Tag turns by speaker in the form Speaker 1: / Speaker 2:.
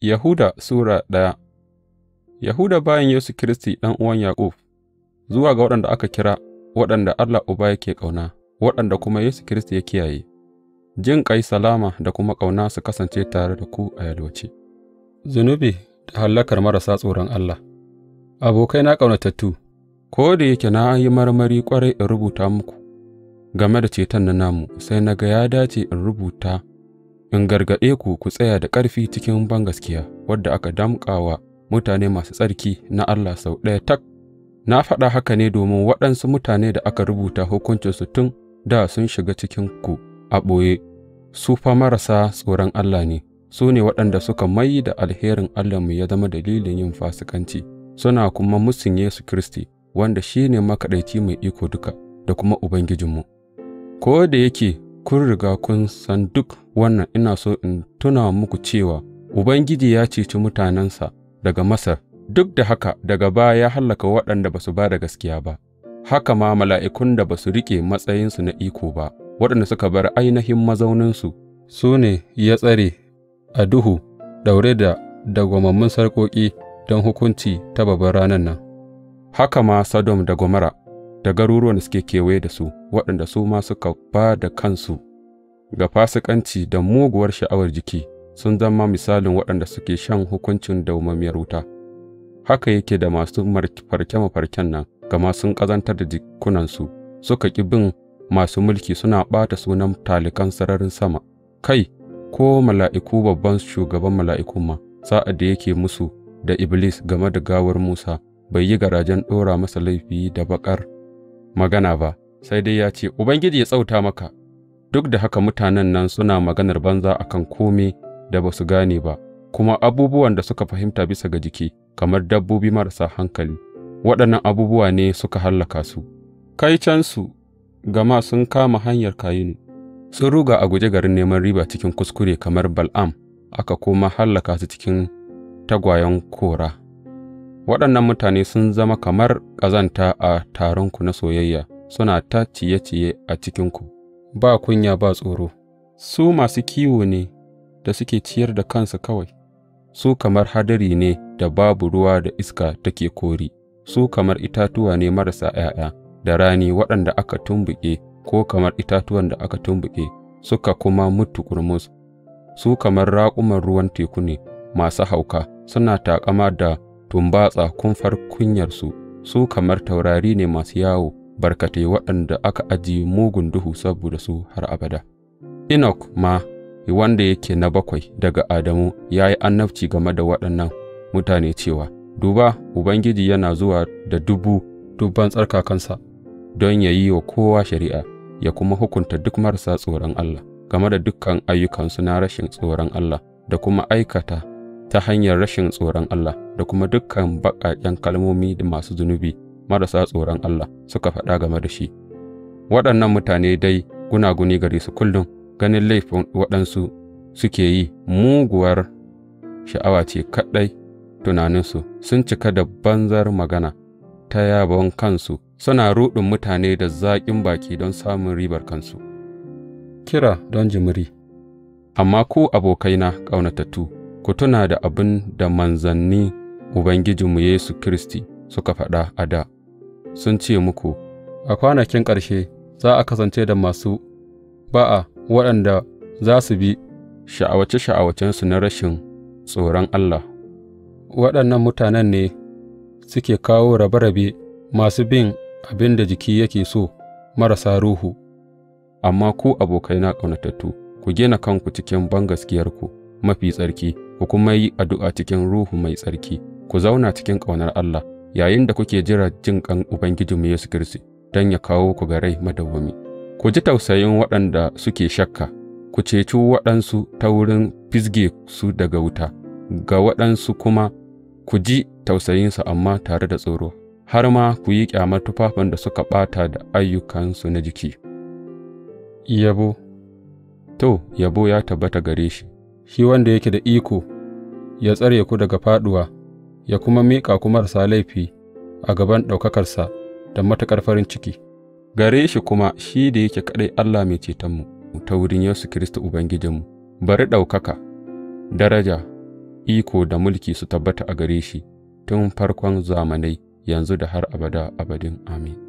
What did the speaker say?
Speaker 1: Yahuda Sura daya Yahuda bayan Yesu Kiristi ɗan uwan Yaƙub, zuwa ga waɗanda aka kira, waɗanda Allah Uba yake ƙauna, waɗanda kuma Yesu Kiristi ya kiyaye, jin ƙai, salama da kuma ƙauna su kasance tare da ku a yalwace. Zunubi da hallakar marasa tsoron Allah Abokai na ƙaunatattu, ko da yake na yi marmari ƙwarai in rubuta muku game da ceton na namu, sai na ga ya dace in rubuta in gargaɗe ku ku tsaya da ƙarfi cikin bangaskiya wadda aka damƙa wa mutane masu tsarki na Allah sau ɗaya tak, na faɗa haka ne domin waɗansu mutane da aka rubuta hukuncinsu tun da sun shiga cikinku a ɓoye, su fa marasa tsoron Allah ne, su ne waɗanda suka mai da alherin Allahnmu ya zama dalilin yin fasikanci, suna kuma musun Yesu Kiristi, wanda shi ne makaɗaici mai iko duka da kuma Ubangijinmu. Ko da yake kun riga kun san duk wannan, ina so in tuna muku cewa Ubangiji ya ceci mutanensa daga Masar, duk da haka daga baya ya hallaka waɗanda ba su ba da gaskiya ba, haka ma mala'ikun da ba su riƙe matsayinsu na iko ba, waɗanda suka bar ainihin mazauninsu, su ne ya tsare a duhu, ɗaure da dagwamammun sarƙoƙi don hukunci ta babbar ranar nan, haka ma Sodom da Gomara. da garuruwan da suke kewaye da su, waɗanda su ma suka ba da kansu ga fasikanci da muguwar sha'awar jiki, sun zama misalin waɗanda suke shan hukuncin daumamiyar wuta. Haka yake da masu farke-mafarken nan, gama sun ƙazantar da jikunansu, suka ƙi bin masu mulki suna ɓata sunan talikan sararin sama, kai, ko mala'iku babban shugaban mala'ikun ma, sa'ad da yake musu da Iblis game da gawar Musa, bai yi garajen ɗora masa laifi da baƙar magana ba, sai dai ya ce, Ubangiji ya tsauta maka, duk da haka mutanen nan suna maganar banza a kan kome da ba su gane ba, kuma abubuwan da suka fahimta bisa ga jiki, kamar dabbobi marasa hankali, waɗannan abubuwa ne suka hallaka su. kai Kaicansu, gama sun kama hanyar kayinu, sun ruga a guje garin neman riba cikin kuskure kamar Bal'am, aka kuma hallaka su cikin tagwayen kora. Waɗannan mutane sun zama kamar ƙazanta a taronku na soyayya, suna ta ciye-ciye a cikinku, ba kunya ba tsoro, su masu kiwo ne da suke ciyar da kansu kawai, su kamar hadari ne da babu ruwa da iska take kori, su kamar itatuwa ne marasa ’ya'ya da rani waɗanda aka tumbuƙe ko kamar itatuwan da aka tumbuƙe suka kuma mutu kurmus, su kamar raƙuman ruwan teku ne masu hauka, suna taƙama da tumbatsa kumfar kunyarsu, su kamar taurari ne masu yawo barkatai waɗanda aka aji mugun duhu saboda su har abada. Enoch ma, wanda yake na bakwai daga Adamu, ya yi annabci game da waɗannan mutane cewa, Duba, Ubangiji yana zuwa da dubu dubban tsarkakansa don ya yi wa kowa shari'a, ya kuma hukunta duk marasa tsoron Allah game da dukkan ayyukansu na rashin tsoron Allah da kuma aikata ta hanyar rashin tsoron Allah da kuma dukkan baƙaƙen kalmomi da masu zunubi marasa tsoron Allah suka faɗa game da shi. Waɗannan mutane dai gunaguni gare su kullum ganin laifin waɗansu suke yi muguwar sha'awa ce kaɗai tunaninsu sun cika da banzar magana ta yabon kansu suna ruɗin mutane da zaƙin baki don samun ribar kansu. Kira don jimiri Amma ku abokaina ƙaunatattu, ku tuna da abin da manzannin Ubangijinmu Yesu Kiristi suka faɗa a da. sun ce muku, A kwanakin ƙarshe za a kasance da masu ba'a waɗanda za su bi sha'awace-sha'awacensu na rashin tsoron Allah, waɗannan mutanen ne suke kawo rabe-rabe masu bin abin da jiki yake so marasa ruhu, amma ku abokaina ƙaunatattu, ku gina kanku cikin bangaskiyarku mafi tsarki. ku kuma yi addu'a cikin Ruhu Mai Tsarki, ku zauna cikin ƙaunar Allah, yayin da kuke jira jin ƙan Ubangijinmu Yesu Kiristi, don ya kawo ku ga rai madawwami. Ku ji tausayin waɗanda suke shakka, ku ceci waɗansu ta wurin fizge su daga wuta, ga waɗansu kuma ku ji tausayinsu amma tare da tsoro, har ma ku yi ƙyamar tufafin da suka ɓata da ayyukansu na jiki. Yabo To, yabo ya tabbata gare shi. shi wanda yake da iko ya tsare ku daga fāɗuwa, ya kuma miƙa ku marasa laifi a gaban ɗaukakarsa da matuƙar farin ciki, gare shi kuma shi da yake kaɗai Allah Mai Cetonmu, ta wurin Yesu Kiristi Ubangijinmu, bari ɗaukaka, daraja, iko da mulki su tabbata a gare shi tun farkon zamanai, yanzu da har abada abadin. Amin.